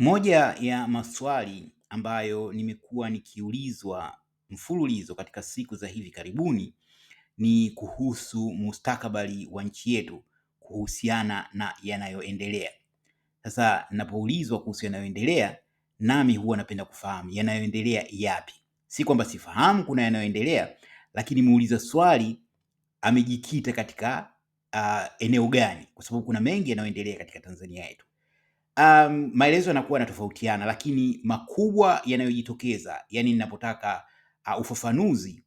Moja ya maswali ambayo nimekuwa nikiulizwa mfululizo katika siku za hivi karibuni ni kuhusu mustakabali wa nchi yetu kuhusiana na yanayoendelea. Sasa ninapoulizwa kuhusu yanayoendelea, nami huwa napenda kufahamu yanayoendelea yapi. Si kwamba sifahamu kuna yanayoendelea, lakini muuliza swali amejikita katika uh, eneo gani, kwa sababu kuna mengi yanayoendelea katika Tanzania yetu um, maelezo yanakuwa yanatofautiana, lakini makubwa yanayojitokeza, yani ninapotaka uh, ufafanuzi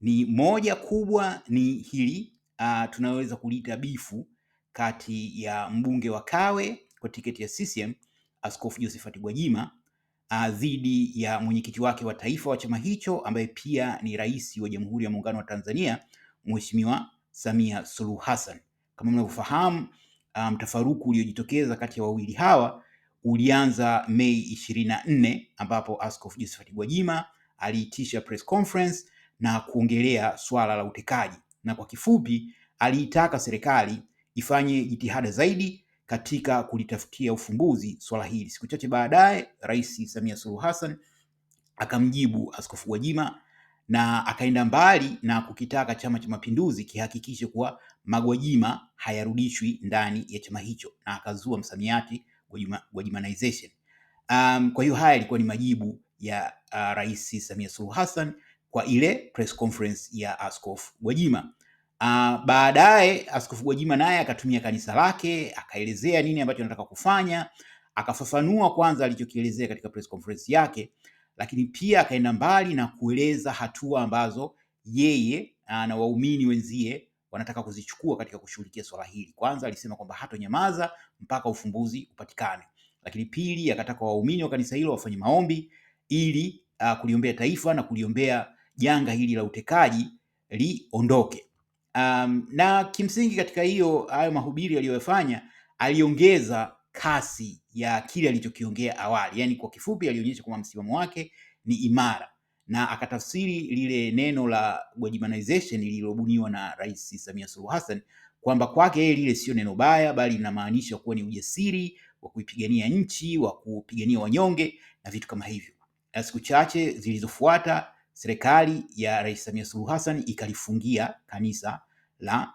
ni moja kubwa ni hili uh, tunaweza kuliita bifu kati ya mbunge wa Kawe kwa tiketi ya CCM Askofu Josephat Gwajima uh, dhidi ya mwenyekiti wake wa taifa wa chama hicho ambaye pia ni rais wa Jamhuri ya Muungano wa Tanzania Mheshimiwa Samia Suluhu Hassan. Kama mnavyofahamu mtafaruku um, uliojitokeza kati ya wawili hawa ulianza Mei ishirini na nne ambapo Askofu Josephat Gwajima aliitisha press conference na kuongelea swala la utekaji, na kwa kifupi aliitaka serikali ifanye jitihada zaidi katika kulitafutia ufumbuzi swala hili. Siku chache baadaye, Rais Samia Suluhu Hassan akamjibu Askofu Gwajima na akaenda mbali na kukitaka Chama cha Mapinduzi kihakikishe kuwa Magwajima hayarudishwi ndani ya chama hicho na akazua msamiati Gwajimanization. Um, kwa hiyo haya yalikuwa ni majibu ya uh, Rais Samia Suluhu Hassan kwa ile press conference ya Askofu Gwajima. Uh, baadaye Askofu Gwajima naye akatumia kanisa lake akaelezea nini ambacho anataka kufanya, akafafanua kwanza alichokielezea katika press conference yake, lakini pia akaenda mbali na kueleza hatua ambazo yeye ah, na waumini wenzie wanataka kuzichukua katika kushughulikia swala hili. Kwanza alisema kwamba hatonyamaza mpaka ufumbuzi upatikane, lakini pili akataka waumini wa kanisa hilo wafanye maombi ili uh, kuliombea taifa na kuliombea janga hili la utekaji liondoke. Um, na kimsingi katika hiyo hayo mahubiri aliyoyafanya aliongeza kasi ya kile alichokiongea awali. yani kwa kifupi, alionyesha kwamba msimamo wake ni imara na akatafsiri lile neno la Gwajimanization lililobuniwa na Rais Samia Suluhu Hassan kwamba kwake yeye lile sio neno baya, bali linamaanisha kuwa ni ujasiri wa kuipigania nchi, wa kupigania wanyonge na vitu kama hivyo. Na siku chache zilizofuata serikali ya Rais Samia Suluhu Hassan ikalifungia kanisa la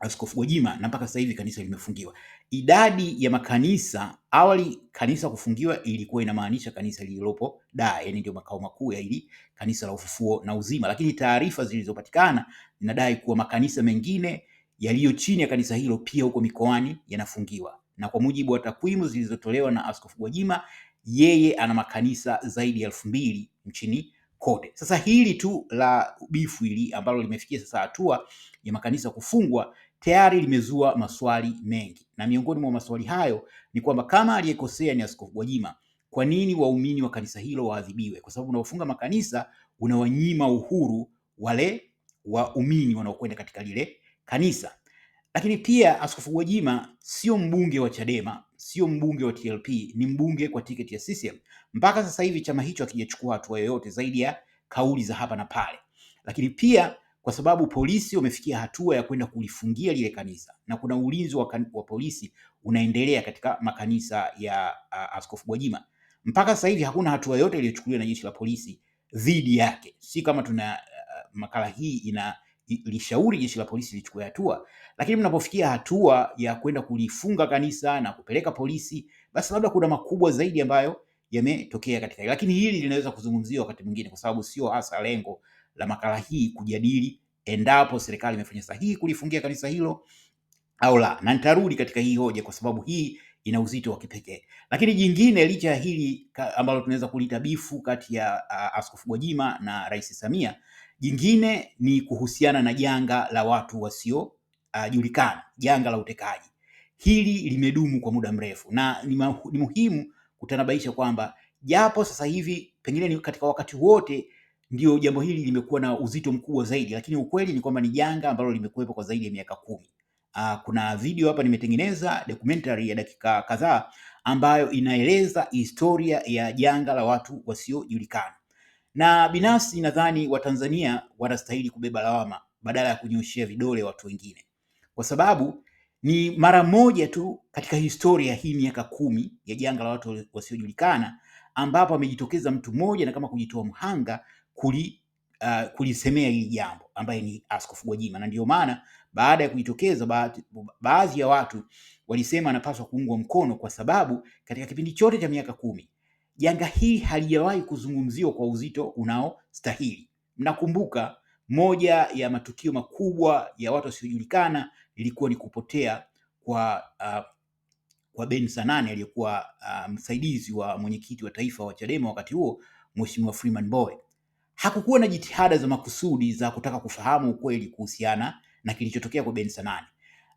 Askofu Gwajima na mpaka sasa hivi kanisa limefungiwa idadi ya makanisa awali, kanisa kufungiwa ilikuwa inamaanisha kanisa lililopo da yani ndio makao makuu ya ili kanisa la ufufuo na uzima, lakini taarifa zilizopatikana zinadai kuwa makanisa mengine yaliyo chini ya kanisa hilo pia huko mikoani yanafungiwa, na kwa mujibu wa takwimu zilizotolewa na Askofu Gwajima, yeye ana makanisa zaidi ya elfu mbili nchini kote. Sasa hili tu la bifu hili ambalo limefikia sasa hatua ya makanisa kufungwa tayari limezua maswali mengi, na miongoni mwa maswali hayo ni kwamba kama aliyekosea ni Askofu Gwajima, kwa nini waumini wa kanisa hilo waadhibiwe? Kwa sababu unaofunga makanisa unawanyima uhuru wale waumini wanaokwenda katika lile kanisa. Lakini pia Askofu Gwajima sio mbunge wa Chadema, sio mbunge wa TLP, ni mbunge kwa tiketi ya CCM. Mpaka sasa hivi chama hicho hakijachukua hatua yoyote zaidi ya kauli za hapa na pale. Lakini pia kwa sababu polisi wamefikia hatua ya kwenda kulifungia lile kanisa na kuna ulinzi wa, kan, wa polisi unaendelea katika makanisa ya uh, Askofu Gwajima. Mpaka sasa hivi hakuna hatua yote iliyochukuliwa na jeshi la polisi dhidi yake. Si kama tuna uh, makala hii ina ilishauri jeshi la polisi lichukue hatua, lakini mnapofikia hatua ya kwenda kulifunga kanisa na kupeleka polisi, basi labda kuna makubwa zaidi ambayo yametokea katika, lakini hili linaweza kuzungumziwa wakati mwingine, kwa sababu sio hasa lengo la makala hii kujadili endapo serikali imefanya sahihi kulifungia kanisa hilo au la, na nitarudi katika hii hoja kwa sababu hii ina uzito wa kipekee. Lakini jingine, licha ya hili ambalo tunaweza kuliita bifu kati ya uh, Askofu Gwajima na Rais Samia, jingine ni kuhusiana na janga la watu wasiojulikana, uh, janga la utekaji. Hili limedumu kwa muda mrefu na ni, ma, ni muhimu kutanabaisha kwamba japo sasa hivi pengine ni katika wakati wote ndio jambo hili limekuwa na uzito mkubwa zaidi, lakini ukweli ni kwamba ni janga ambalo limekuwepo kwa zaidi ya miaka kumi. Uh, kuna video hapa nimetengeneza documentary ya dakika kadhaa ambayo inaeleza historia ya janga la watu wasiojulikana, na binafsi nadhani Watanzania wanastahili kubeba lawama badala ya kunyoshia vidole watu wengine, kwa sababu ni mara moja tu katika historia hii miaka kumi ya janga la watu wasiojulikana ambapo amejitokeza mtu mmoja na kama kujitoa mhanga kuli, uh, kulisemea hili jambo ambaye ni Askofu Gwajima, na ndio maana baada ya kujitokeza baadhi ya watu walisema anapaswa kuungwa mkono kwa sababu katika kipindi chote cha miaka kumi janga hili halijawahi kuzungumziwa kwa uzito unaostahili. Mnakumbuka moja ya matukio makubwa ya watu wasiojulikana ilikuwa ni kupotea kwa uh, kwa Ben Sanane aliyekuwa uh, msaidizi wa mwenyekiti wa taifa wa Chadema wakati huo Mheshimiwa Freeman Mbowe hakukuwa na jitihada za makusudi za kutaka kufahamu ukweli kuhusiana na kilichotokea kwa Ben Sanani.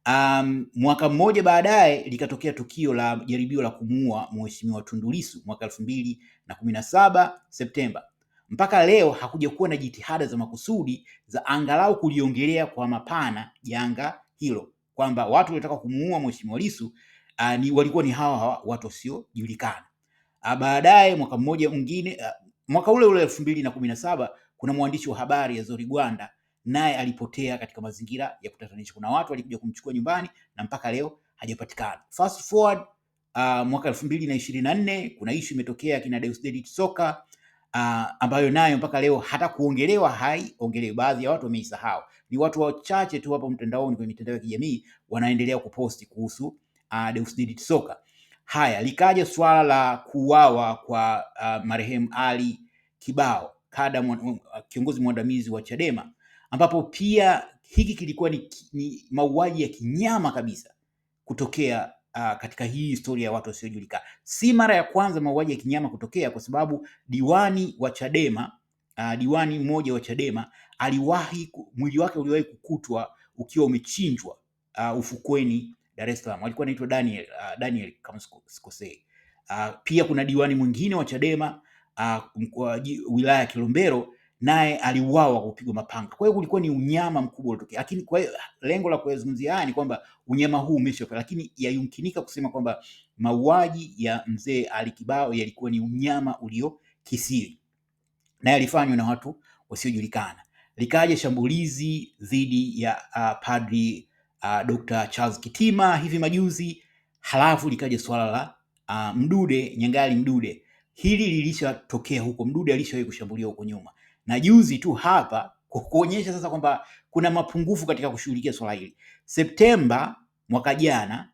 Um, mwaka mmoja baadaye likatokea tukio la jaribio la kumuua Mheshimiwa Tundu Lissu mwaka elfu mbili na kumi na saba Septemba. Mpaka leo hakuja kuwa na jitihada za makusudi za angalau kuliongelea kwa mapana janga hilo kwamba watu walitaka kumuua Mheshimiwa Lissu uh, ni walikuwa ni hawa hawa watu wasiojulikana. Uh, baadaye mwaka mmoja mwingine uh, Mwaka ule ule elfu mbili na kumi na saba kuna mwandishi wa habari Azory Gwanda naye alipotea katika mazingira ya kutatanisha. Kuna watu walikuja kumchukua nyumbani na mpaka leo hajapatikana. Fast forward uh, mwaka elfu mbili na ishirini na nne kuna ishu imetokea kina Deusdedith Soka uh, ambayo nayo mpaka leo hata kuongelewa haiongelewi. Baadhi ya watu wameisahau, ni watu wachache tu hapo mtandaoni, kwenye mitandao ya kijamii wanaendelea kuposti kuhusu uh, Deusdedith Soka. Haya, likaja suala la kuuawa kwa uh, marehemu Ali Kibao kada mwan, uh, kiongozi mwandamizi wa Chadema, ambapo pia hiki kilikuwa ni, ni mauaji ya kinyama kabisa kutokea uh, katika hii historia ya watu wasiojulikana. Si mara ya kwanza mauaji ya kinyama kutokea, kwa sababu diwani wa Chadema uh, diwani mmoja wa Chadema aliwahi mwili wake uliwahi kukutwa ukiwa umechinjwa uh, ufukweni Dar es Salaam alikuwa anaitwa Daniel, uh, Daniel kama sikosei. Uh, pia kuna diwani mwingine wa Chadema uh, wilaya ya Kilombero naye aliuawa kwa kupigwa mapanga. Kwa hiyo kulikuwa ni unyama mkubwa ulitokea, lakini kwa hiyo lengo la kuyazungumzia haya ni kwamba unyama huu umeshoka, lakini yayumkinika kusema kwamba mauaji ya mzee Ali Kibao yalikuwa ni unyama uliokisiri, naye alifanywa na watu wasiojulikana. Likaja shambulizi dhidi ya uh, padri uh, ah, Dr. Charles Kitima hivi majuzi, halafu likaja swala la uh, Mdude Nyangali Mdude. Hili lilishatokea huko, Mdude alishawahi kushambuliwa huko nyuma, na juzi tu hapa kuonyesha sasa kwamba kuna mapungufu katika kushughulikia swala hili. Septemba mwaka jana,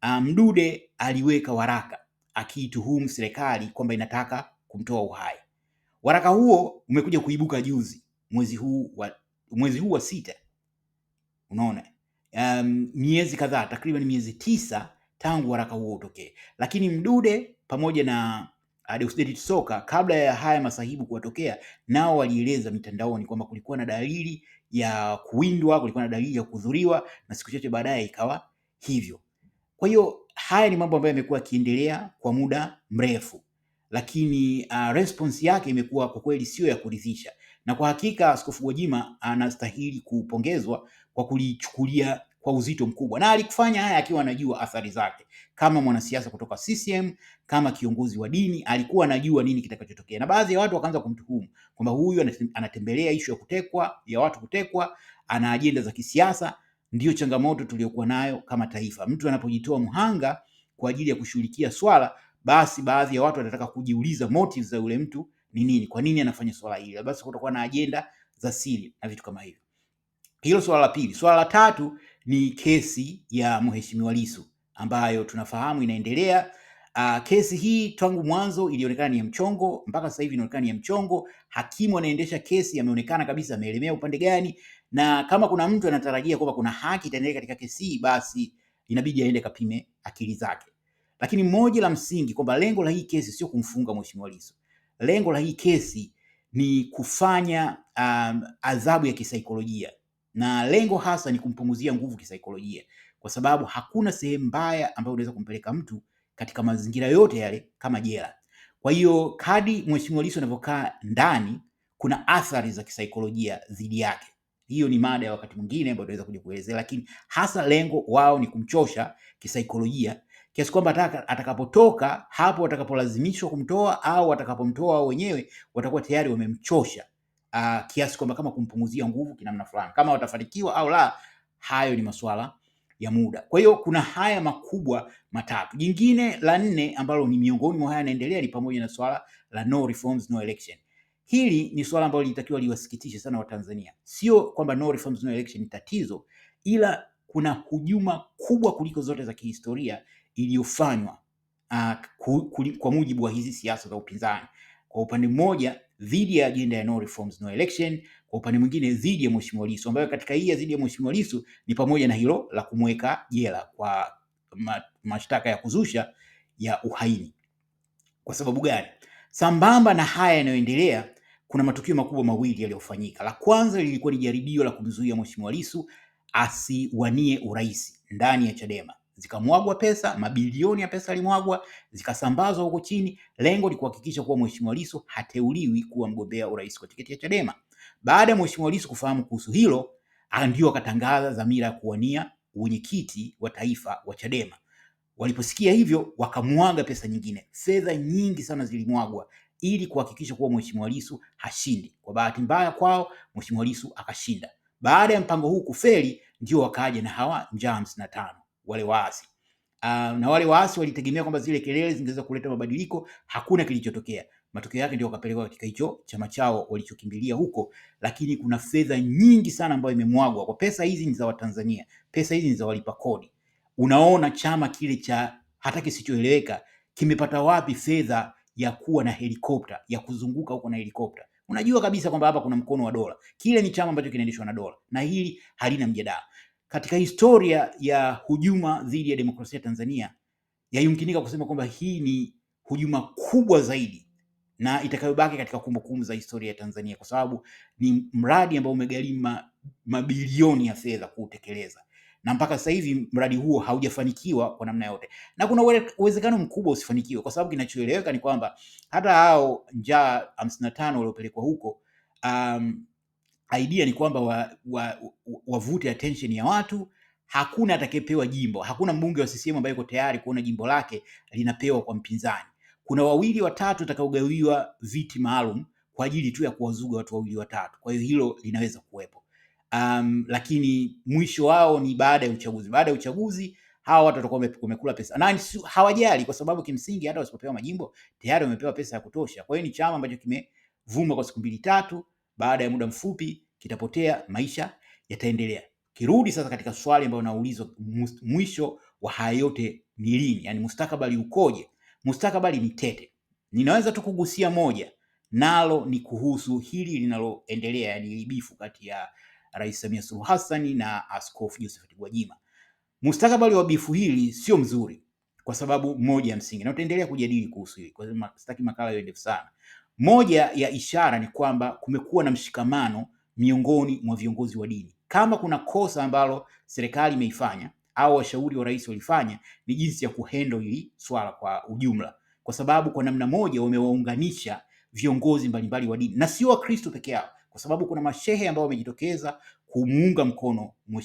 ah, Mdude aliweka waraka akiituhumu serikali kwamba inataka kumtoa uhai. Waraka huo umekuja kuibuka juzi mwezi huu wa, mwezi huu wa sita, unaona um, miezi kadhaa takriban miezi tisa tangu waraka huo utokee, lakini Mdude pamoja na ah, Deusdedit Soka kabla ya haya masahibu kuwatokea, nao walieleza mitandaoni kwamba kulikuwa na dalili ya kuwindwa, kulikuwa na dalili ya kudhuriwa, na siku chache baadaye ikawa hivyo. Kwa hiyo haya ni mambo ambayo yamekuwa yakiendelea kwa muda mrefu, lakini uh, response yake imekuwa kwa kweli sio ya kuridhisha, na kwa hakika Askofu Gwajima anastahili kupongezwa kwa kulichukulia kwa uzito mkubwa, na alikufanya haya akiwa anajua athari zake. Kama mwanasiasa kutoka CCM, kama kiongozi wa dini, alikuwa anajua nini kitakachotokea, na baadhi ya watu wakaanza kumtuhumu kwamba huyu anatembelea ishu ya kutekwa, ya watu kutekwa, ana ajenda za kisiasa. Ndiyo changamoto tuliyokuwa nayo kama taifa. Mtu anapojitoa mhanga kwa ajili ya kushughulikia swala, basi baadhi ya watu wanataka kujiuliza motives za yule mtu ni nini, kwa nini anafanya swala hili, basi kutakuwa na ajenda za siri na vitu kama hivyo. Hilo swala la pili. Swala la tatu ni kesi ya Mheshimiwa Lissu ambayo tunafahamu inaendelea. Uh, kesi hii tangu mwanzo ilionekana ni ya mchongo, mpaka sasa hivi inaonekana ni ya mchongo. Hakimu anaendesha kesi ameonekana kabisa ameelemea upande gani, na kama kuna mtu anatarajia kwamba kuna haki itaendelea katika kesi hii, basi inabidi aende kapime akili zake. Lakini moja la msingi kwamba lengo la hii kesi sio kumfunga Mheshimiwa Lissu. Lengo la hii kesi ni kufanya um, adhabu ya kisaikolojia na lengo hasa ni kumpunguzia nguvu kisaikolojia, kwa sababu hakuna sehemu mbaya ambayo unaweza kumpeleka mtu katika mazingira yote yale kama jela. Kwa hiyo kadi Mheshimiwa Lissu anavyokaa ndani, kuna athari za kisaikolojia dhidi yake. Hiyo ni mada ya wakati mwingine ambayo tunaweza kuja kuelezea, lakini hasa lengo wao ni kumchosha kisaikolojia kiasi kwamba atakapotoka hapo, watakapolazimishwa kumtoa au watakapomtoa wao wenyewe, watakuwa tayari wamemchosha uh, kiasi kwamba kama kumpunguzia nguvu kinamna fulani. Kama watafanikiwa au la, hayo ni masuala ya muda. Kwa hiyo kuna haya makubwa matatu. Jingine la nne ambalo ni miongoni mwa haya yanaendelea ni pamoja na swala la no reforms, no election. Hili ni swala ambalo lilitakiwa liwasikitishe sana Watanzania. Sio kwamba no reforms, no election ni tatizo, ila kuna hujuma kubwa kuliko zote za kihistoria iliyofanywa uh, kwa mujibu wa hizi siasa za upinzani. Kwa upande mmoja dhidi ya ajenda ya no reforms no election, kwa upande mwingine dhidi ya Mheshimiwa Lissu, ambayo katika hii dhidi ya Mheshimiwa Lissu ni pamoja na hilo la kumweka jela kwa mashtaka ya kuzusha ya uhaini. Kwa sababu gani? Sambamba na haya yanayoendelea, kuna matukio makubwa mawili yaliyofanyika. La kwanza lilikuwa ni jaribio la kumzuia Mheshimiwa Lissu asiwanie urais ndani ya Chadema zikamwagwa pesa, mabilioni ya pesa yalimwagwa, zikasambazwa huko chini. Lengo ni kuhakikisha kuwa Mheshimiwa Lissu hateuliwi kuwa mgombea urais kwa tiketi ya Chadema. Baada ya Mheshimiwa Lissu kufahamu kuhusu hilo, ndio akatangaza dhamira ya kuwania uwenyekiti wa taifa wa Chadema. Waliposikia hivyo, wakamwaga pesa nyingine, fedha nyingi sana zilimwagwa ili kuhakikisha kuwa Mheshimiwa Lissu hashindi. Kwa bahati mbaya kwao, Mheshimiwa Lissu akashinda. Baada ya mpango huu kufeli, ndio wakaja na hawa njaa hamsini na tano wale waasi uh, na wale waasi walitegemea kwamba zile kelele zingeweza kuleta mabadiliko. Hakuna kilichotokea. Matokeo yake ndio wakapelekwa katika hicho chama chao walichokimbilia huko, lakini kuna fedha nyingi sana ambayo imemwagwa kwa. Pesa hizi ni za Watanzania, pesa hizi ni za walipa kodi. Unaona chama kile cha hata kisichoeleweka kimepata wapi fedha ya kuwa na helikopta ya kuzunguka huko na helikopta? Unajua kabisa kwamba hapa kuna mkono wa dola. Kile ni chama ambacho kinaendeshwa na dola, na hili halina mjadala katika historia ya hujuma dhidi ya demokrasia Tanzania, yayumkinika kusema kwamba hii ni hujuma kubwa zaidi na itakayobaki katika kumbukumbu za historia ya Tanzania, kwa sababu ni mradi ambao umegharimu mabilioni ya fedha kuutekeleza na mpaka sasa hivi mradi huo haujafanikiwa kwa namna yote, na kuna uwezekano mkubwa usifanikiwe, kwa sababu kinachoeleweka ni kwamba hata hao njaa hamsini na tano waliopelekwa huko um, idea ni kwamba wavute wa, wa, wa attention ya watu. Hakuna atakayepewa jimbo, hakuna mbunge wa CCM ambaye yuko tayari kuona jimbo lake linapewa kwa mpinzani. Kuna wawili watatu watakaogawiwa viti maalum kwa ajili tu ya kuwazuga watu wawili watatu. Kwa hiyo hilo linaweza kuwepo, um, lakini mwisho wao ni baada ya uchaguzi. Baada ya uchaguzi hawa watu watakuwa wamekula pesa na hawajali, kwa sababu kimsingi hata wasipopewa majimbo tayari wamepewa pesa ya kutosha. Kwa hiyo ni chama ambacho kimevuma kwa siku mbili tatu baada ya muda mfupi kitapotea, maisha yataendelea. Kirudi sasa katika swali ambayo naulizwa, mwisho wa haya yote ni lini? Yani mustakabali ukoje? Mustakabali ni tete. Ninaweza tu kugusia moja, nalo ni kuhusu hili linaloendelea, yani ibifu kati ya Rais Samia Suluhu Hassan na Askofu Josephat Gwajima. Mustakabali wa bifu hili sio mzuri kwa sababu moja ya msingi, na utaendelea kujadili kuhusu hili kwa sababu sitaki makala iende sana. Moja ya ishara ni kwamba kumekuwa na mshikamano miongoni mwa viongozi wa dini. Kama kuna kosa ambalo serikali imeifanya au washauri wa rais walifanya, ni jinsi ya kuhendo hili swala kwa ujumla, kwa sababu kwa namna moja wamewaunganisha viongozi mbalimbali wa dini na sio Wakristo peke yao, kwa sababu kuna mashehe ambao wamejitokeza kumuunga mkono uh,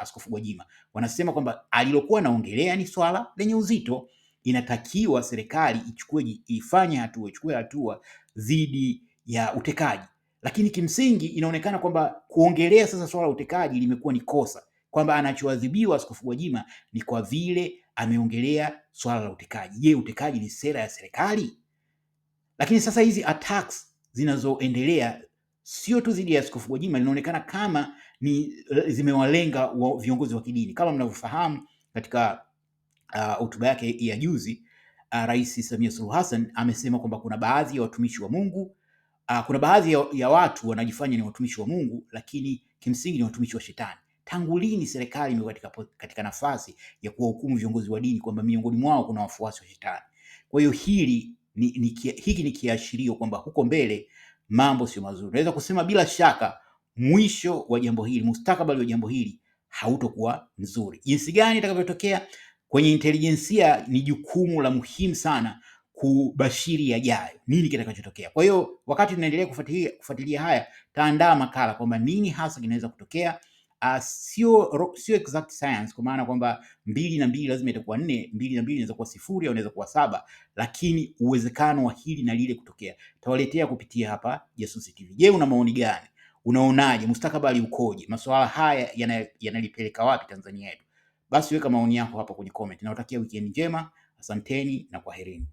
Askofu Gwajima. Wanasema kwamba alilokuwa anaongelea ni swala lenye uzito inatakiwa serikali ichukue ifanye hatua ichukue hatua dhidi ya utekaji, lakini kimsingi inaonekana kwamba kuongelea sasa swala la utekaji limekuwa ni kosa, kwamba anachoadhibiwa Askofu Gwajima ni kwa vile ameongelea swala la utekaji. Je, utekaji ni sera ya serikali? Lakini sasa hizi attacks zinazoendelea sio tu dhidi ya Askofu Gwajima, linaonekana kama ni eh, zimewalenga viongozi wa kidini. Kama mnavyofahamu katika Uh, hotuba uh, yake ya juzi uh, Rais Samia Suluhu Hassan amesema kwamba kuna baadhi ya watumishi wa Mungu uh, kuna baadhi ya, ya watu wanajifanya ni watumishi wa Mungu lakini kimsingi ni watumishi wa shetani. Tangu lini serikali imekuwa katika, katika nafasi ya kuwahukumu viongozi wa dini kwamba miongoni mwao kuna wafuasi wa shetani? Kwa hiyo hili ni, ni, hiki ni kiashirio kwamba huko mbele mambo sio mazuri. Naweza kusema bila shaka mwisho wa jambo hili, mustakabali wa jambo hili hautokuwa mzuri. Jinsi gani itakavyotokea Kwenye intelijensia ni jukumu la muhimu sana kubashiri yajayo, nini kitakachotokea. Kwa hiyo wakati tunaendelea kufuatilia, kufuatilia haya, taandaa makala kwamba nini hasa kinaweza kutokea. Uh, sio sio exact science kwa maana kwamba mbili na mbili lazima itakuwa nne, mbili na mbili inaweza kuwa sifuri au inaweza kuwa saba, lakini uwezekano wa hili na lile kutokea tawaletea kupitia hapa Jasusi TV. Je, una maoni gani? Unaonaje mustakabali ukoje? Masuala haya yanalipeleka yana wapi Tanzania yetu? Basi weka maoni yako hapa kwenye comment. Nawatakia weekend njema, asanteni na kwaherini.